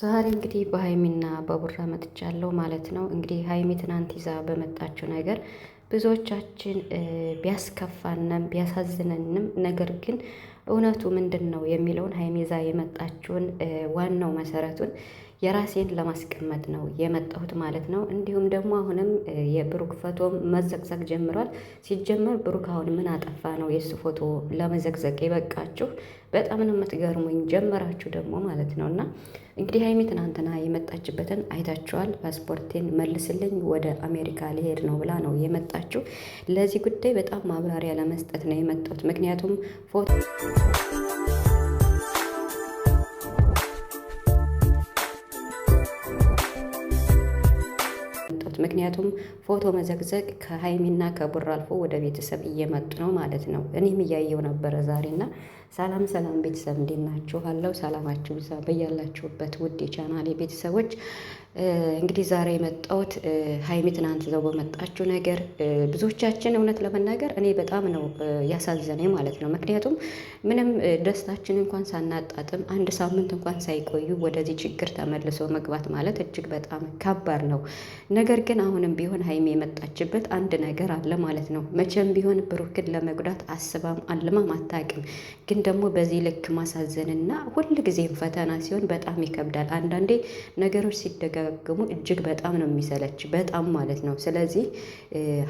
ዛሬ እንግዲህ በሀይሚና በቡራ መጥቻለሁ ማለት ነው። እንግዲህ ሀይሚ ትናንት ይዛ በመጣችው ነገር ብዙዎቻችን ቢያስከፋንም ቢያሳዝነንም ነገር ግን እውነቱ ምንድን ነው የሚለውን ሀይሚ ይዛ የመጣችውን ዋናው መሰረቱን የራሴን ለማስቀመጥ ነው የመጣሁት ማለት ነው። እንዲሁም ደግሞ አሁንም የብሩክ ፎቶ መዘግዘግ ጀምሯል። ሲጀመር ብሩክ አሁን ምን አጠፋ ነው የእሱ ፎቶ ለመዘግዘግ የበቃችሁ? በጣም ነው የምትገርሙኝ ጀመራችሁ ደግሞ ማለት ነው። እና እንግዲህ ሀይሚ ትናንትና የመጣችበትን አይታችኋል። ፓስፖርቴን መልስልኝ ወደ አሜሪካ ሊሄድ ነው ብላ ነው የመጣችው። ለዚህ ጉዳይ በጣም ማብራሪያ ለመስጠት ነው የመጣሁት ምክንያቱም ፎቶ ምክንያቱም ፎቶ መዘግዘግ ከሀይሚና ከቡራ አልፎ ወደ ቤተሰብ እየመጡ ነው ማለት ነው። እኔም እያየው ነበረ ዛሬና ሰላም ሰላም ቤተሰብ እንዴት ናችሁ? ሰላማችሁ በያላችሁበት ውድ የቻናሌ ቤተሰቦች። እንግዲህ ዛሬ የመጣሁት ሀይሚ ትናንት ዘው በመጣችሁ ነገር ብዙዎቻችን እውነት ለመናገር እኔ በጣም ነው ያሳዘነኝ ማለት ነው። ምክንያቱም ምንም ደስታችን እንኳን ሳናጣጥም አንድ ሳምንት እንኳን ሳይቆዩ ወደዚህ ችግር ተመልሶ መግባት ማለት እጅግ በጣም ከባድ ነው። ነገር ግን አሁንም ቢሆን ሀይሚ የመጣችበት አንድ ነገር አለ ማለት ነው። መቼም ቢሆን ብሩክን ለመጉዳት አስባም አልማም አታውቅም። ግን ደግሞ በዚህ ልክ ማሳዘንና ጊዜ ፈተና ሲሆን በጣም ይከብዳል። አንዳንዴ ነገሮች ሲደጋገሙ እጅግ በጣም ነው የሚሰለች፣ በጣም ማለት ነው። ስለዚህ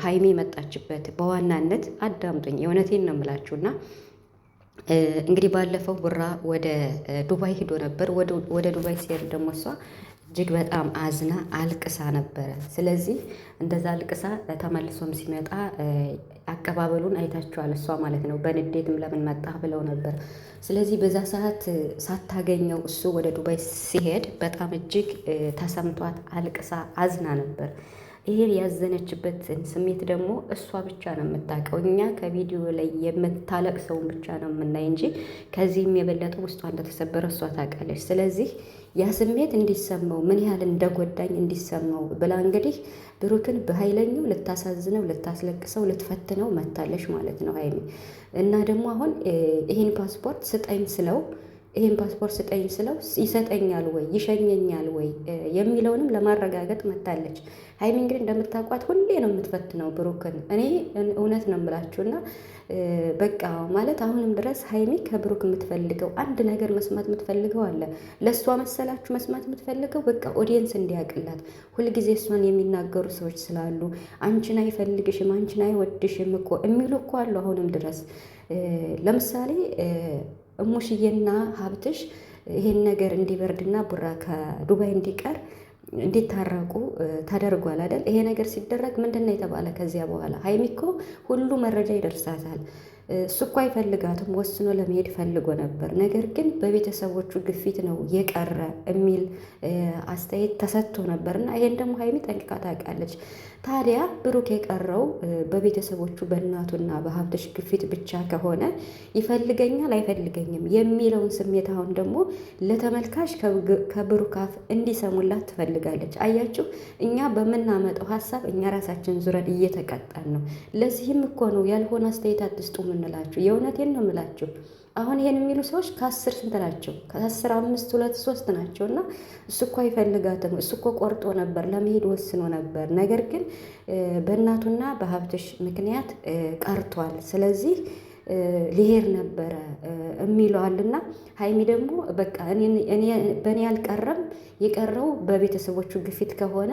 ሀይሜ መጣችበት በዋናነት አዳምጡኝ፣ የእውነቴን ነው የምላችሁና እንግዲህ ባለፈው ቡራ ወደ ዱባይ ሂዶ ነበር። ወደ ዱባይ ሲሄድ ደግሞ እሷ እጅግ በጣም አዝና አልቅሳ ነበረ። ስለዚህ እንደዛ አልቅሳ ተመልሶም ሲመጣ አቀባበሉን አይታችኋል፣ እሷ ማለት ነው። በንዴትም ለምን መጣ ብለው ነበር። ስለዚህ በዛ ሰዓት ሳታገኘው እሱ ወደ ዱባይ ሲሄድ በጣም እጅግ ተሰምቷት አልቅሳ አዝና ነበር። ይሄን ያዘነችበትን ስሜት ደግሞ እሷ ብቻ ነው የምታውቀው። እኛ ከቪዲዮ ላይ የምታለቅሰውን ብቻ ነው የምናይ እንጂ ከዚህም የበለጠ ውስጧ እንደተሰበረ እሷ ታውቃለች። ስለዚህ ያ ስሜት እንዲሰማው ምን ያህል እንደጎዳኝ እንዲሰማው ብላ እንግዲህ ብሩክን በኃይለኛው ልታሳዝነው፣ ልታስለቅሰው፣ ልትፈትነው መታለች ማለት ነው ሀይሚ እና ደግሞ አሁን ይህን ፓስፖርት ስጠኝ ስለው ይህን ፓስፖርት ስጠኝ ስለው ይሰጠኛል ወይ ይሸኘኛል ወይ የሚለውንም ለማረጋገጥ መታለች። ሀይሚ እንግዲህ እንደምታውቋት ሁሌ ነው የምትፈትነው ብሩክን። እኔ እውነት ነው የምላችሁና በቃ ማለት አሁንም ድረስ ሀይሚ ከብሩክ የምትፈልገው አንድ ነገር መስማት የምትፈልገው አለ። ለእሷ መሰላችሁ መስማት የምትፈልገው በቃ ኦዲየንስ እንዲያቅላት ሁልጊዜ እሷን የሚናገሩ ሰዎች ስላሉ አንቺን አይፈልግሽም፣ አንቺን አይወድሽም እኮ የሚሉ እኮ አሉ አሁንም ድረስ ለምሳሌ እሙሽዬና ሀብትሽ ይሄን ነገር እንዲበርድና ቡራ ከዱባይ እንዲቀር እንዲታረቁ ተደርጓል አይደል? ይሄ ነገር ሲደረግ ምንድን ነው የተባለ? ከዚያ በኋላ ሀይሚኮ ሁሉ መረጃ ይደርሳታል። እሱ እኮ አይፈልጋትም፣ ወስኖ ለመሄድ ፈልጎ ነበር። ነገር ግን በቤተሰቦቹ ግፊት ነው የቀረ የሚል አስተያየት ተሰጥቶ ነበር እና ይሄን ደግሞ ሀይሚ ጠንቅቃ ታውቃለች። ታዲያ ብሩክ የቀረው በቤተሰቦቹ በእናቱና በሀብተሽ ግፊት ብቻ ከሆነ ይፈልገኛል አይፈልገኝም የሚለውን ስሜት አሁን ደግሞ ለተመልካች ከብሩክ አፍ እንዲሰሙላት ትፈልጋለች። አያችሁ፣ እኛ በምናመጣው ሀሳብ እኛ ራሳችን ዙረን እየተቀጣን ነው። ለዚህም እኮ ነው ያልሆነ አስተያየት አትስጡ ምንላችሁ። የእውነቴን ነው ምላችሁ። አሁን ይሄን የሚሉ ሰዎች ከአስር ስንት ናቸው? ከአስር አምስት ሁለት ሶስት ናቸው። እና እሱ እኮ አይፈልጋትም፣ እሱ እኮ ቆርጦ ነበር ለመሄድ ወስኖ ነበር፣ ነገር ግን በእናቱና በሀብትሽ ምክንያት ቀርቷል። ስለዚህ ሊሄር ነበረ የሚለዋልና ሀይሚ ደግሞ በቃ በእኔ ያልቀረም የቀረው በቤተሰቦቹ ግፊት ከሆነ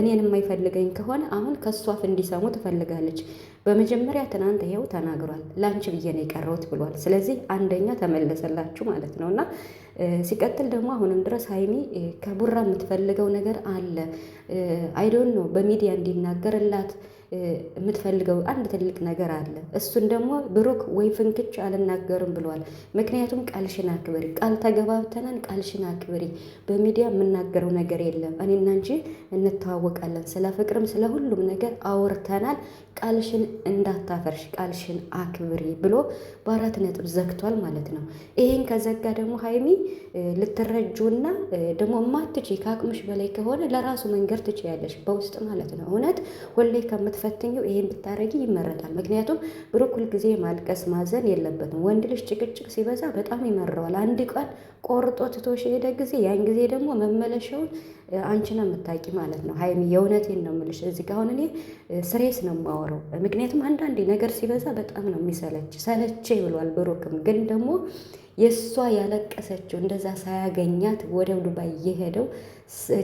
እኔን የማይፈልገኝ ከሆነ አሁን ከእሷ አፍ እንዲሰሙ ትፈልጋለች። በመጀመሪያ ትናንት ይሄው ተናግሯል። ለአንቺ ብዬ ነው ብሏል። ስለዚህ አንደኛ ተመለሰላችሁ ማለት ነው እና ሲቀጥል ደግሞ አሁንም ድረስ ሀይሚ ከቡራ የምትፈልገው ነገር አለ አይዶን ነው በሚዲያ እንዲናገርላት የምትፈልገው አንድ ትልቅ ነገር አለ። እሱን ደግሞ ብሩክ ወይ ፍንክች አልናገርም ብለዋል። ምክንያቱም ቃልሽን አክብሪ፣ ቃል ተገባብተናል ቃልሽን አክብሪ። በሚዲያ የምናገረው ነገር የለም። እኔና እንጂ እንተዋወቃለን። ስለ ፍቅርም ስለ ሁሉም ነገር አውርተናል። ቃልሽን እንዳታፈርሽ፣ ቃልሽን አክብሪ ብሎ በአራት ነጥብ ዘግቷል ማለት ነው። ይሄን ከዘጋ ደግሞ ሀይሚ ልትረጁና ደግሞ ማትች ከአቅምሽ በላይ ከሆነ ለራሱ መንገድ ትችያለሽ፣ በውስጥ ማለት ነው እውነት ሁሌ ከምት ፈትኘው ይሄን ብታረጊ ይመረታል። ምክንያቱም ብሩክ ሁልጊዜ ማልቀስ ማዘን የለበትም። ወንድ ልጅ ጭቅጭቅ ሲበዛ በጣም ይመረዋል። አንድ ቀን ቆርጦ ትቶሽ ሄደ ጊዜ ያን ጊዜ ደግሞ መመለሻውን አንቺ ነው የምታውቂ ማለት ነው። ሀይሚ የእውነቴን ነው የምልሽ። እዚህ ጋር አሁን እኔ ስሬስ ነው የማወራው። ምክንያቱም አንዳንዴ ነገር ሲበዛ በጣም ነው የሚሰለች ሰለቼ ብሏል። ብሩክም ግን ደግሞ የእሷ ያለቀሰችው እንደዛ ሳያገኛት ወደው ዱባይ የሄደው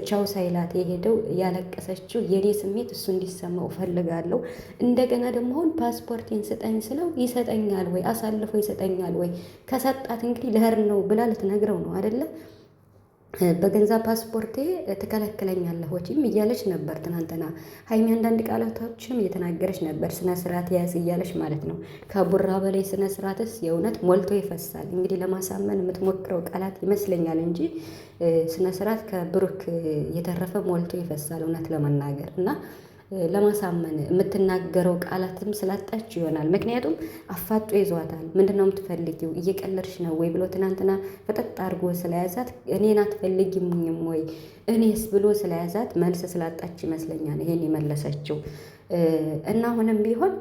ቻው ሳይላት የሄደው ያለቀሰችው የኔ ስሜት እሱ እንዲሰማው እፈልጋለሁ። እንደገና ደግሞ አሁን ፓስፖርቴን ስጠኝ ስለው ይሰጠኛል ወይ አሳልፎ ይሰጠኛል ወይ ከሰጣት እንግዲህ ለህር ነው ብላ ልትነግረው ነው አደለም በገንዛ ፓስፖርቴ ትከለክለኛለህ ወጪም እያለች ነበር ትናንትና ሀይሚ አንዳንድ ቃላቶችም እየተናገረች ነበር። ስነ ስርዓት ያዝ እያለች ማለት ነው። ከቡራ በላይ ስነ ስርዓትስ የእውነት ሞልቶ ይፈሳል። እንግዲህ ለማሳመን የምትሞክረው ቃላት ይመስለኛል እንጂ ስነ ስርዓት ከብሩክ የተረፈ ሞልቶ ይፈሳል እውነት ለመናገር እና ለማሳመን የምትናገረው ቃላትም ስላጣች ይሆናል። ምክንያቱም አፋጦ ይዟታል። ምንድነው የምትፈልጊው? እየቀለድሽ ነው ወይ ብሎ ትናንትና ፈጠጥ አድርጎ ስለያዛት እኔን አትፈልጊኝም ወይ እኔስ ብሎ ስለያዛት መልስ ስላጣች ይመስለኛል ይሄን የመለሰችው እና አሁንም ቢሆን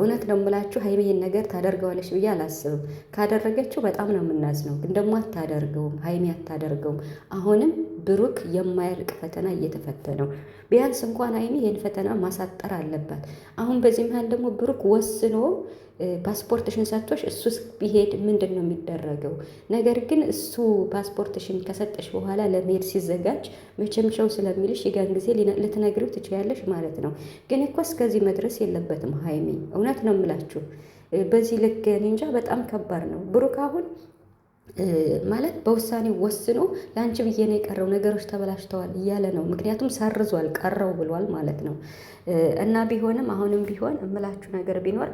እውነት ነው የምላችሁ ሀይሚ ነገር ታደርገዋለች ብዬ አላስብም። ካደረገችው በጣም ነው የምናዝነው፣ ግን ደግሞ አታደርገውም። ሀይሚ አታደርገውም። አሁንም ብሩክ የማያልቅ ፈተና እየተፈተነው ቢያንስ እንኳን ሀይሚ ይህን ፈተና ማሳጠር አለባት። አሁን በዚህ መሀል ደግሞ ብሩክ ወስኖ ፓስፖርትሽን ሰጥቶሽ እሱ ቢሄድ ምንድን ነው የሚደረገው ነገር? ግን እሱ ፓስፖርትሽን ከሰጠሽ በኋላ ለመሄድ ሲዘጋጅ መቼም ቸው ስለሚልሽ የጋን ጊዜ ልትነግሪው ትችያለሽ ማለት ነው። ግን እኮ እስከዚህ መድረስ የለበትም ሀይ ሀይሚ እውነት ነው የምላችሁ። በዚህ ልክ እንጃ በጣም ከባድ ነው ብሩክ አሁን ማለት በውሳኔ ወስኖ ለአንቺ ብዬ ነው የቀረው ነገሮች ተበላሽተዋል እያለ ነው። ምክንያቱም ሰርዟል፣ ቀረው ብሏል ማለት ነው። እና ቢሆንም አሁንም ቢሆን እምላችሁ ነገር ቢኖር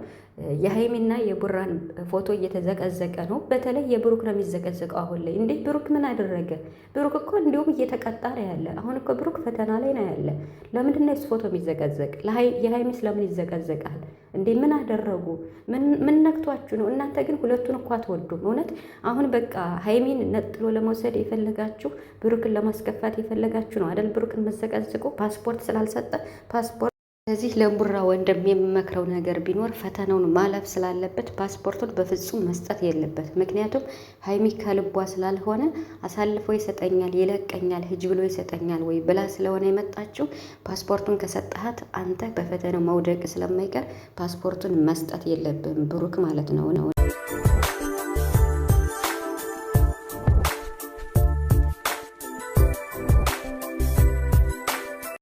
የሀይሚና የቡራን ፎቶ እየተዘቀዘቀ ነው። በተለይ የብሩክ ነው የሚዘቀዘቀው አሁን ላይ። እንዴ ብሩክ ምን አደረገ? ብሩክ እኮ እንዲሁም እየተቀጣ ነው ያለ። አሁን እኮ ብሩክ ፈተና ላይ ነው ያለ። ለምንድን ነው ፎቶ የሚዘቀዘቅ? የሀይሚስ ለምን ይዘቀዘቃል? እንዴ ምን አደረጉ? ምን ነክቷችሁ ነው? እናንተ ግን ሁለቱን እኮ አትወዱም። እውነት አሁን በቃ ሀይሚን ነጥሎ ለመውሰድ የፈለጋችሁ ብሩክን ለማስከፋት የፈለጋችሁ ነው አደል? ብሩክን መዘቀዝቁ ፓስፖርት ስላልሰጠ ፓስፖርት ስለዚህ ለቡራ ወንድም የምመክረው ነገር ቢኖር ፈተናውን ማለፍ ስላለበት ፓስፖርቱን በፍጹም መስጠት የለበት ምክንያቱም ሀይሚ ከልቧ ስላልሆነ አሳልፎ ይሰጠኛል፣ ይለቀኛል፣ ሂጅ ብሎ ይሰጠኛል ወይ ብላ ስለሆነ የመጣችው ፓስፖርቱን ከሰጠሃት አንተ በፈተናው መውደቅ ስለማይቀር ፓስፖርቱን መስጠት የለብም ብሩክ ማለት ነው ነው